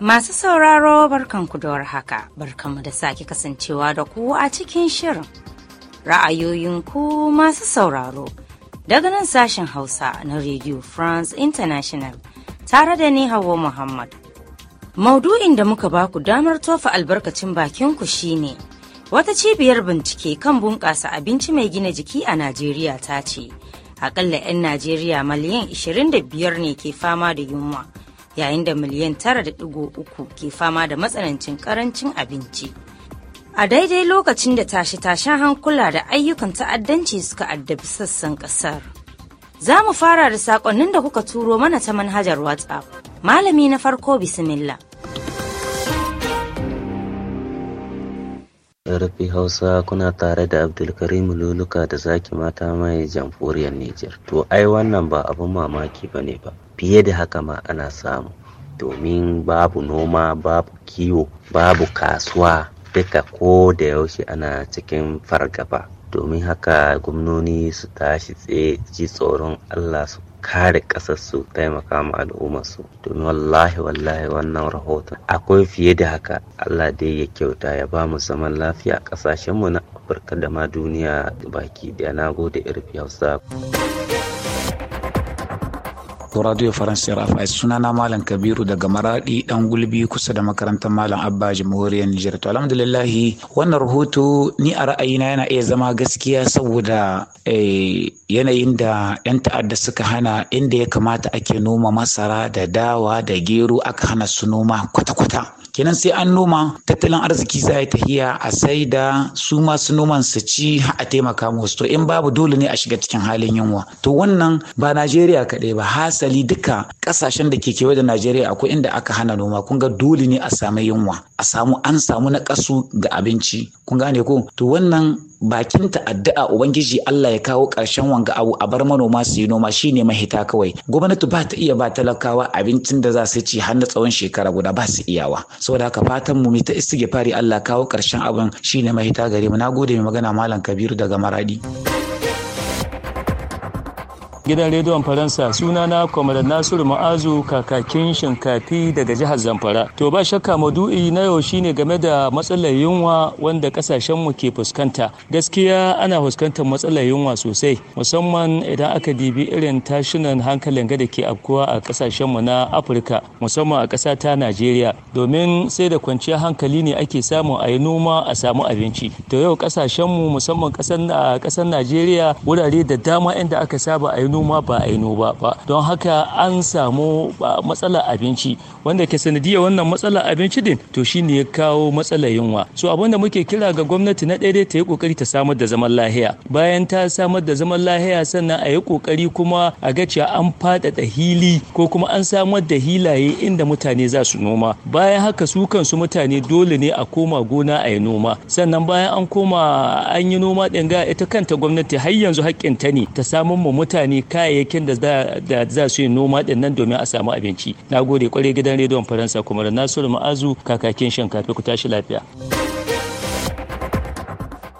Masu sauraro barkanku da warhaka, barkanmu da sake kasancewa da ku a cikin shirin. Ra'ayoyinku masu sauraro daga nan sashen Hausa na Radio France International tare da ni Hauwa Muhammad. Maudu'in da muka ba ku damar tofa albarkacin bakinku shine wata cibiyar bincike kan bunƙasa abinci mai gina jiki a Najeriya ta ce. akalla 'yan najeriya miliyan 25 ne ke fama da yunwa yayin da miliyan 9.3 ke fama da matsanancin karancin abinci a daidai lokacin da tashe-tashen hankula da ayyukan ta'addanci suka addabi sassan kasar za mu fara da saƙonnin da kuka turo mana ta manhajar whatsapp malami na farko bismillah Rfi Hausa kuna tare da Abdulkarim Luluka da Zaki Mata Mai Jamhuriyar Nijar. To ai wannan ba abin mamaki ba ne ba, fiye da haka ma ana samu. Domin babu noma, babu kiwo, babu kasuwa, duka ko da yaushe ana cikin fargaba. Domin haka gwamnoni su tashi tsaye ji tsoron Allah su kare ƙasarsu taimaka ma al'ummarsu domin wallahi wallahi wannan rahoton akwai fiye da haka allah dai ya kyauta ya ba mu zaman lafiya ƙasashenmu na afirka da ma duniya baki da na gode irfi hausa ko radio faransa rfi sunana malam kabiru daga maradi dan gulbi kusa da makarantar malam abba jamhuriyar nijar to alhamdulillah wannan rahoto ni a ra'ayina yana iya zama gaskiya saboda eh, yanayin da 'yan ta'adda suka hana inda ya kamata ake noma masara da dawa da gero aka hana su noma kwata-kwata kenan sai an noma tattalin arziki za ya tahiya a sai da su masu noman su ci a taimaka musu to in babu dole ne a shiga cikin halin yunwa to wannan ba najeriya kaɗai ba hasali duka ƙasashen da ke kewa da najeriya akwai inda aka hana noma kun ga dole ne a samu yunwa a samu an samu na ƙasu ga abinci kun gane ko to wannan Bakin bakinta addu'a ubangiji Allah ya kawo ƙarshen wanga abu a bar manoma su yi noma shine mahita kawai gwamnati ba ta iya ba talakawa abincin da za su ci har na tsawon shekara guda ba su iyawa saboda haka fatan mu ta istighfari Allah kawo ƙarshen abin shine mahita gare mu nagode mai magana malam Kabiru daga Maradi gidan rediyon faransa suna na kwamar nasiru ma'azu kakakin shinkafi daga jihar zamfara to ba shakka madu'i na yau shine game da matsalar yunwa wanda kasashen mu ke fuskanta gaskiya ana fuskantar matsalar yunwa sosai musamman idan aka dibi irin tashinan hankalin gada ke afkuwa a kasashen mu na afirka musamman a ƙasa ta najeriya domin sai da kwanciyar hankali ne ake samu a yi noma a samu abinci to yau kasashen mu musamman ƙasar najeriya wurare da dama inda aka saba a yi hannu ma ba a yi noma ba don haka an samu matsala abinci wanda ke sanadiyar wannan matsala abinci din to shine ya kawo matsala yunwa so abin da muke kira ga gwamnati na daidai ta yi kokari ta samar da zaman lahiya bayan ta samar da zaman lahiya sannan a yi kokari kuma a ga cewa an faɗaɗa hili ko kuma an samar da hilaye inda mutane za su noma bayan haka su kansu mutane dole ne a koma gona a yi noma sannan bayan an koma an yi noma ɗin ga ita kanta gwamnati har yanzu haƙƙin ta ne ta samun mu mutane kayayyakin da za su yi noma din nan domin a samu abinci na gode kwarai gidan rediyon faransa kuma da nasiru ma'azu kakakin shinkafa ku tashi lafiya.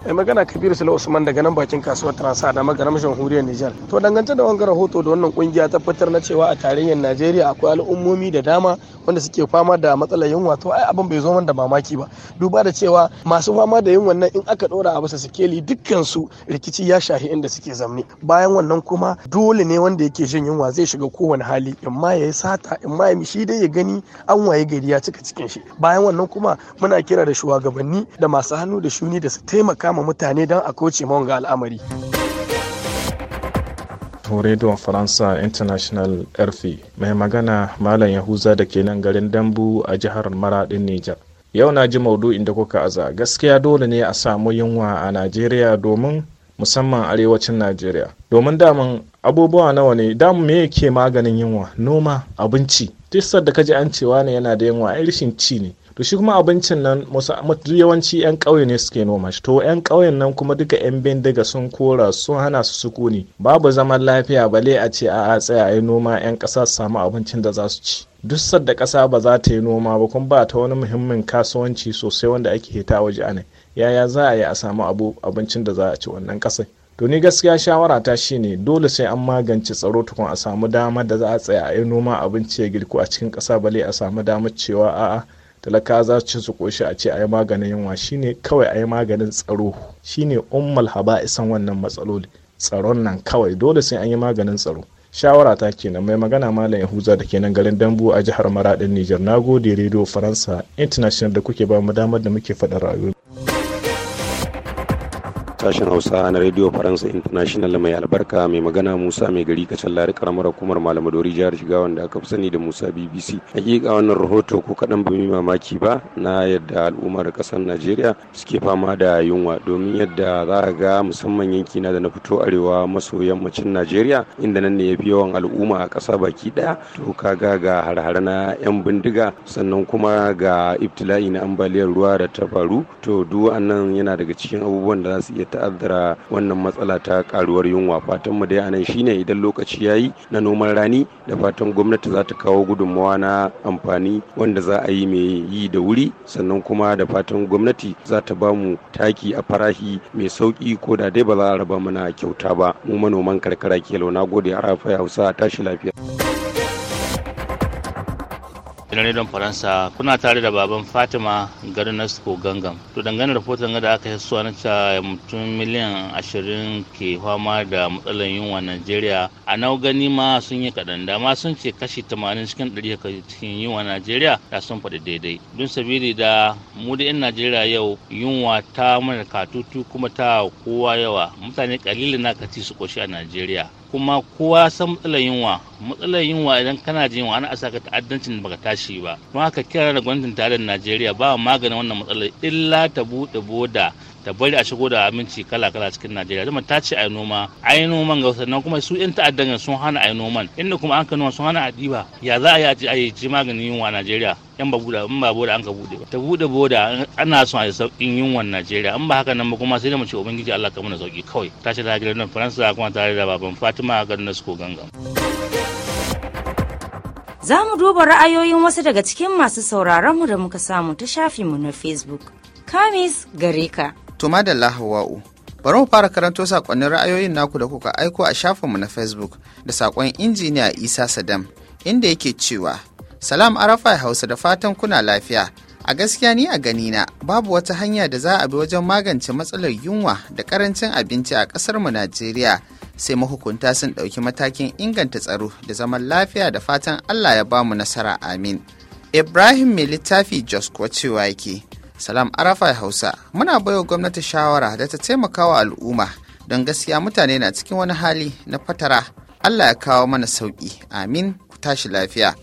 mai magana kabir sula usman daga nan bakin kasuwar transa da magaram jamhuriyar nijar to dangance da wangan rahoto da wannan kungiya tabbatar na cewa a tarayyar najeriya akwai al'ummomi da dama wanda suke fama da matsalar yunwa to ai abin bai zo man da mamaki ba duba da cewa masu fama da yunwa nan in aka dora a bisa sikeli dukkan su rikici ya shahi inda suke zamne bayan wannan kuma dole ne wanda yake jin yunwa zai shiga kowane hali in ma ya sata in ma ya shi dai ya gani an waye gari ya cika cikin shi bayan wannan kuma muna kira da shugabanni da masu hannu da shuni da su taimaka kama mutane don a kauce mawan ga al'amari. rediyon faransa international rfi mai magana malam yahuza da ke nan garin dambu a jihar maradin nijar yau na ji maudu'in da kuka aza gaskiya dole ne a samu yunwa a najeriya domin musamman arewacin najeriya domin daman abubuwa nawa ne damu me yake maganin yunwa noma abinci tisar da kaji an cewa ne yana da yunwa ai rishin ci ne to shi kuma abincin nan yawanci 'yan ƙauye ne suke noma shi to 'yan ƙauyen nan kuma duka 'yan bindiga sun kora sun hana su sukuni babu zaman lafiya bale a ce a tsaya a yi noma 'yan ƙasa su samu abincin da za su ci duk da ƙasa ba za ta yi noma ba kuma ba ta wani muhimmin kasuwanci sosai wanda ake hita waje a nan yaya za a yi a samu abincin da za a ci wannan ƙasai. to ni gaskiya shawara ta shine dole sai an magance tsaro tukun a samu dama da za a tsaya a yi noma abinci ya girku a cikin ƙasa bale a samu damar cewa a'a talaka za su ci su koshi a ce a yi maganin yunwa shine kawai a yi maganin tsaro shine ummal isan wannan matsaloli tsaron nan kawai dole sai an yi maganin tsaro shawara ta kenan mai magana malam yahuza da kenan garin dambu a jihar maradin niger nagode gode rediyo faransa international da kuke ba mu damar da muke faɗa rayuwa Tashin hausa na radio faransa international mai albarka mai magana musa mai gari kacan lari karamar hukumar Dori, jihar shiga wanda aka fi sani da musa bbc hakika wannan rahoto ko kaɗan ba mai mamaki ba na yadda al'ummar kasar najeriya suke fama da yunwa domin yadda za a ga musamman yanki na da na fito arewa maso yammacin najeriya inda nan ne ya fi yawan al'umma a ƙasa baki ɗaya to ka ga ga harhare na 'yan bindiga sannan kuma ga ibtila'i na ambaliyar ruwa da ta faru to duk nan yana daga cikin abubuwan da za su iya ta'azzara wannan matsala ta karuwar yunwa fatan mu dai anan shine idan lokaci yayi na noman rani da fatan gwamnati za ta kawo gudunmawa na amfani wanda za a yi mai yi da wuri sannan kuma da fatan gwamnati za ta ba mu taki a farahi mai sauki ko da dai ba za a raba mana kyauta ba mu manoman karkara ke launa gode arafa hausa tashi lafiya. gidan don faransa kuna tare da baban fatima garin nasko gangam to dangane da rahoton da aka yi suwa na mutum miliyan ashirin ke fama da matsalar yunwa najeriya a nau gani ma sun yi kaɗan da sun ce kashi tamanin cikin ɗari cikin yunwa najeriya da sun faɗi daidai don sabili da mu da 'yan najeriya yau yunwa ta mana katutu kuma ta kowa yawa mutane kalilin na kati su koshi a najeriya kuma kowa san matsalar yunwa matsalar yunwa idan kana jin yunwa ana asa ka ta'addancin baka tashi ba don haka kira da gwamnatin tarayyar Najeriya ba maganin wannan matsalar illa ta bude boda da bari a shigo da abinci kala-kala cikin Najeriya zama ta ce a yi noma a yi noman ga sannan kuma su yan ta'addan sun hana a yi noman inda kuma an ka noma sun hana a ya za a yi a yi maganin yunwa Najeriya yan ba buɗe in ba boda an ka buɗe ba ta buɗe boda ana son a yi sauƙin yunwan Najeriya in ba haka nan ba kuma sai da mu ce ubangiji Allah ka muna sauƙi kawai ta ce ta gidan Faransa kuma tare da baban Fatima a garin Nasko Gangam. Za mu duba ra'ayoyin wasu daga cikin masu sauraronmu da muka samu ta shafinmu na Facebook. Kamis gare ka. To da Hawa'u, bari mu fara karanto sakonnin ra'ayoyin naku da kuka aiko a shafinmu na Facebook da sakon injiniya Isa Sadam inda yake cewa Salam Arafai Hausa da fatan kuna lafiya. A gaskiya ni a ganina babu wata hanya da za a bi wajen magance matsalar yunwa da karancin abinci a mu Najeriya sai mahukunta sun ɗauki matakin inganta tsaro da zaman lafiya da fatan Allah ya bamu nasara amin. Ibrahim mai littafi Jos kuwa cewa yake. Salam Arafa Hausa muna baiwa gwamnati shawara da ta taimaka wa al'umma don gaskiya mutane na cikin wani hali na fatara Allah ya kawo mana sauki amin ku tashi lafiya.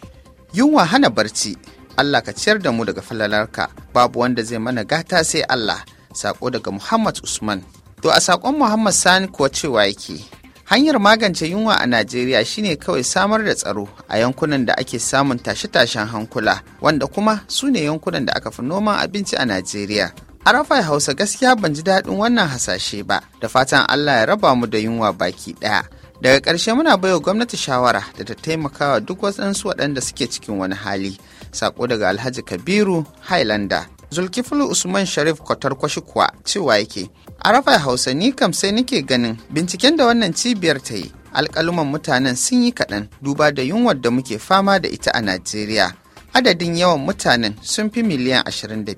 Yunwa hana barci Allah ka ciyar da mu daga falalarka babu wanda zai mana gata sai Allah saƙo daga Muhammad Usman. To a saƙon Muhammad Sani kuwa cewa yake Hanyar magance yunwa a Najeriya shine kawai samar da tsaro a yankunan da ake samun tashe-tashen hankula, wanda kuma su ne yankunan da aka fi noman abinci a Najeriya. A Hausa gaskiya ban ji daɗin wannan hasashe ba, da fatan Allah ya raba mu da yunwa baki ɗaya. Daga ƙarshe muna baiwa gwamnati shawara da ta taimakawa duk waɗansu waɗanda suke cikin wani hali. Sako daga Alhaji Kabiru Highlander. zulkifulu usman sharif kwatarkwashi kuwa cewa yake arafa hausa ni kam sai nake ganin binciken da wannan cibiyar ta yi alkaluman mutanen sun yi kaɗan duba da yunwar da muke fama da ita a najeriya adadin yawan mutanen sun fi miliyan 25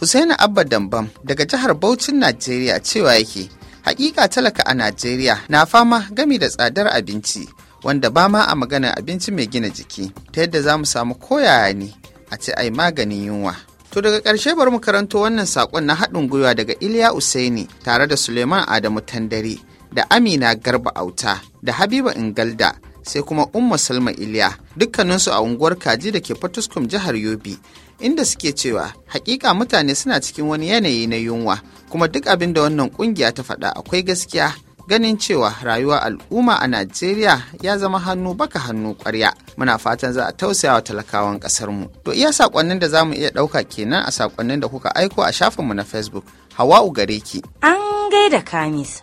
Hussaini abba dambam daga jihar Bauchin najeriya cewa yake hakika talaka a najeriya na fama gami da tsadar abinci wanda ba ma a maganar abinci mai gina jiki ta yadda za mu samu koyaya ne a ce ai maganin yunwa To daga ƙarshe bar mu karanto wannan saƙon na haɗin gwiwa daga Iliya Usaini tare da Suleiman Adamu Tandari da Amina Garba Auta da Habiba Ingalda sai kuma Umma Salma Iliya dukkaninsu a unguwar Kaji da ke Fatuskum jihar Yobe inda suke cewa hakika mutane suna cikin wani yanayi na yunwa kuma duk abin da wannan ƙungiya ta faɗa akwai gaskiya ganin cewa rayuwa al'umma a Najeriya ya zama hannu baka hannu ƙwarya, Muna fatan za a wa talakawan ƙasarmu. To iya saƙonnin da za mu iya ɗauka kenan a saƙonnin da kuka aiko a shafinmu na Facebook. hawa Ugareki. An gaida kamis.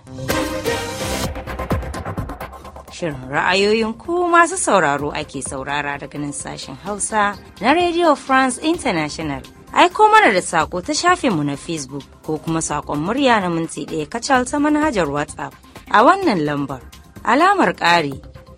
Shirin ra'ayoyin ku masu sauraro ake saurara daga nan sashen Hausa na Radio France International. aiko mana da sako ta shafinmu na facebook ko kuma sakon murya na minti ɗaya kacal ta manhajar whatsapp a wannan lambar alamar ƙari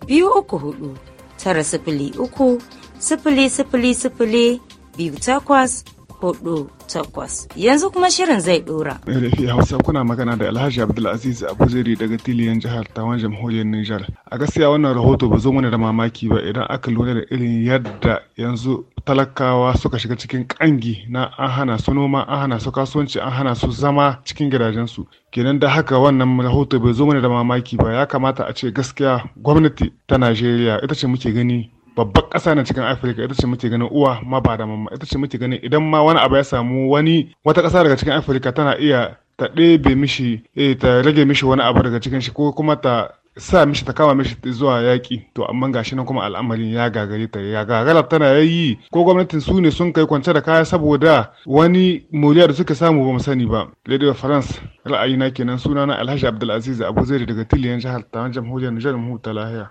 biyu uku hudu tara sifili uku sifili sifili sifili biyu takwas hudu takwas yanzu kuma shirin zai dora. Rafi eh, Hausa kuna magana da Alhaji Abdulaziz Abuziri daga Tiliyan jihar Tawan jamhuriyar Nijar. A gaskiya wannan rahoto ba zo mana da mamaki ba idan aka lura da irin yadda yanzu talakawa suka shiga cikin kangi na an hana su noma an hana su kasuwanci an hana su zama cikin gidajensu kenan da haka wannan rahoto bai zo mana da mamaki ba ya kamata a ce gaskiya gwamnati ta najeriya ita ce muke gani babbar ƙasa na cikin afirka ita ce muke ganin uwa ma ba da mamma ita ce muke ganin idan ma wani abu ya samu wani wata ƙasa daga cikin afirka tana iya ta ɗebe mishi eh, ta rage mishi wani abu daga cikin shi ko kuma ta sa mishi ta kama mishi zuwa yaƙi to amma gashi nan kuma al'amarin ya gagare ta ya gagara tana yayi ko gwamnatin su ne sun kai kwance da kaya saboda wani moriya da suka samu ba mu sani ba of france ra'ayina kenan sunana alhaji abdulaziz abu zairi daga tiliyan jihar ta jamhuriyar nijar mu ta lahiya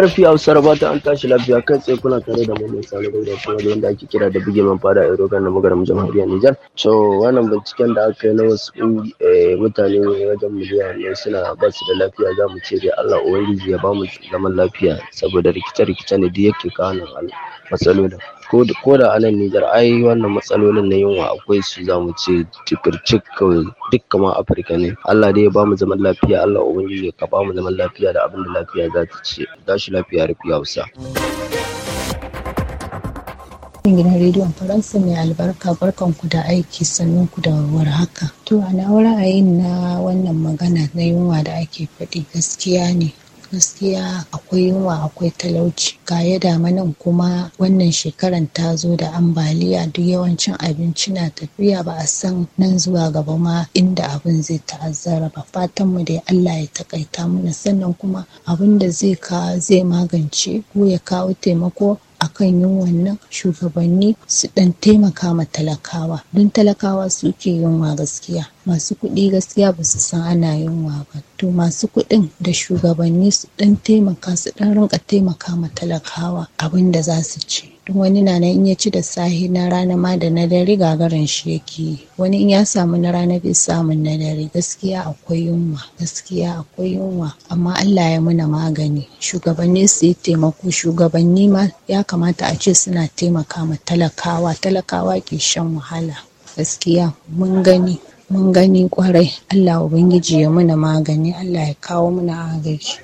karfi a bata ta an tashi lafiya kai tsaye kuna tare da Mamman Sani Dauda kuma da wanda ake kira da Bige Man Fada a rogan na Magaram Jamhuriyar Nijar. So wannan binciken da aka yi na wasu eh, mutane wajen miliyan ne suna ba su da lafiya za mu ce dai Allah Ubangiji ya ba mu zaman lafiya saboda rikice-rikice ne duk yake kawo nan matsalolin. Ko da anan Nijar ai wannan matsalolin na yunwa akwai su za mu ce cikircik kawai duk kama Afirka ne. Allah dai ya ba mu zaman lafiya Allah Ubangiji ya ka ba mu zaman lafiya da abin da lafiya za ta ce. tashi lafiya rufi hausa. Yan gidan rediyon Faransa mai albarka barkan ku da aiki sannan ku da haka. To a na ra'ayin na wannan magana na yunwa da ake faɗi gaskiya ne gaskiya akwai yunwa akwai talauci ga ya damanin kuma wannan shekaran ta zo da ambaliya duk yawancin abinci na tafiya ba a san nan zuwa gaba ma inda abin zai ta'azzara ba fatan mu dai Allah ya takaita mana sannan kuma abin da zai ka zai magance ko ya kawo taimako akan yin wannan shugabanni su dan taimaka ma talakawa don talakawa suke yunwa gaskiya masu kuɗi gaskiya ba su san ana yunwa ba to masu kuɗin da shugabanni su dan taimaka su dan rinka taimaka ma talakawa abin da za su ci wani na nan in ya ci da sahi na rana ma da na dare gagarin shi yake wani in ya samu na rana bai samu na dare gaskiya akwai yunwa gaskiya akwai yunwa amma Allah ya muna magani shugabanni su yi taimako shugabanni ma ya kamata a ce suna taimaka ma talakawa talakawa ke shan wahala gaskiya mun gani mun gani kwarai Allah ubangiji ya muna magani Allah ya kawo muna agaji.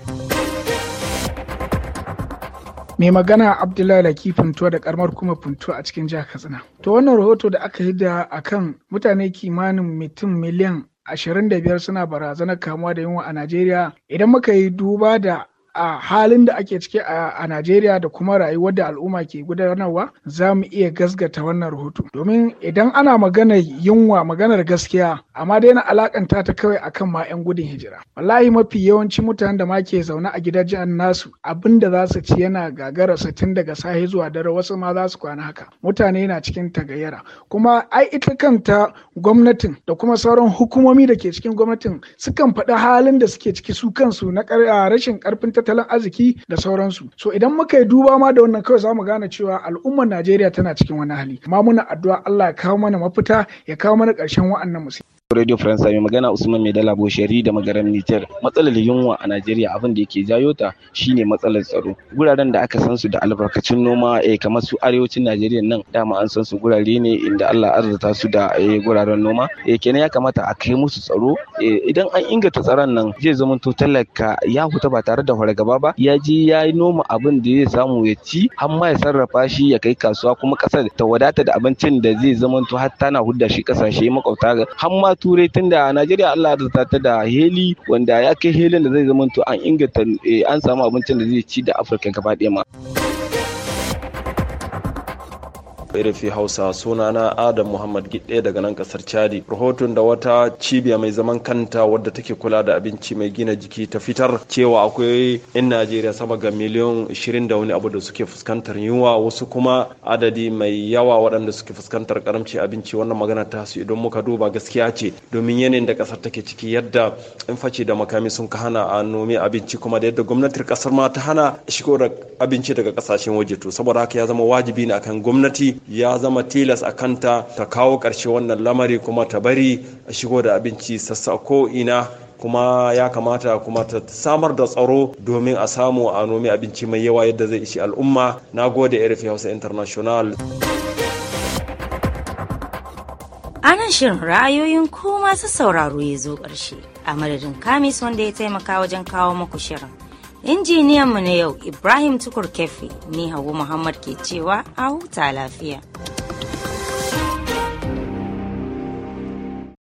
mai magana abdullahi laki funtuwa da karmar kuma funtuwa a cikin jihar katsina to wannan rahoto da aka yi da akan mutane kimanin mutum miliyan 25 suna barazanar kamuwa da yunwa a najeriya idan muka yi duba da a halin da ake ciki a Najeriya da kuma rayuwar da al'umma ke gudanarwa za mu iya gasgata wannan rahoto. Domin idan ana maganar yunwa maganar gaskiya amma dai na alakanta ta kawai akan ma 'yan gudun hijira. Wallahi mafi yawanci mutanen da ma ke zaune a gidajen nasu abin da za su ci yana gagara tun daga sahi zuwa dare wasu ma za su kwana haka. Mutane na cikin tagayyara. Kuma ai ita kanta gwamnatin da kuma sauran hukumomi da ke cikin gwamnatin sukan faɗi halin da suke ciki su kansu na rashin ƙarfin tattalin tattalin arziki da sauransu so idan muka yi duba ma da wannan kawai zamu gane cewa al'ummar Najeriya tana cikin wani hali ma muna addu'a Allah ya kawo mana mafita ya kawo mana ƙarshen wa'annan musibi Radio Faransa mai magana Usman Mai Dala Bosheri da magaran Nijar. Matsalar yunwa a Najeriya abin da yake jayo ta shine matsalar tsaro. Guraren da aka san su da albarkacin noma eh, kamar su arewacin Najeriya nan dama an san su gurare ne inda Allah arzata su da eh, guraren noma. Eh, kenan ya kamata a kai musu tsaro. Eh, idan an inganta tsaron nan zai zama to talaka ya huta ba tare da fargaba ba. Ya je ya yi noma abin da zai samu ya ci har ma ya sarrafa shi ya kai kasuwa kuma kasar ta wadata da abincin da zai zama to har tana hudda shi kasashe makwabta har ma turai tunda a najeriya allah ya ta da heli wanda ya kai helin da zai zama to an inganta eh, an samu abincin da zai ci da afirka gaba ɗaya ma. rfi hausa sunana adam muhammad gidde daga nan kasar chadi rahoton da wata cibiya mai zaman kanta wadda take kula da abinci mai gina jiki ta fitar cewa akwai 'yan najeriya sama ga miliyan 20 da wani abu da suke fuskantar yunwa wasu kuma adadi mai yawa waɗanda suke fuskantar karamci abinci wannan magana ta su idan muka duba gaskiya ce domin yanayin da kasar take ciki yadda in face da makami sun ka hana a nomi abinci kuma da yadda gwamnatin kasar ma ta hana shigo da abinci daga kasashen waje to saboda haka ya zama wajibi ne akan gwamnati ya zama tilas a kanta ta kawo karshe wannan lamari kuma ta bari a shigo da abinci sassa ko ina kuma ya kamata kuma ta samar da tsaro domin a samu a nomi abinci mai yawa yadda zai ishi al'umma na gode rfi hausa international anan shirin ra'ayoyin ko masu sauraro ya zo ƙarshe a madadin kamis wanda ya taimaka wajen kawo muku shirin injiniyanmu na yau ibrahim tukur kefi ni hagu muhammad ke cewa a huta lafiya.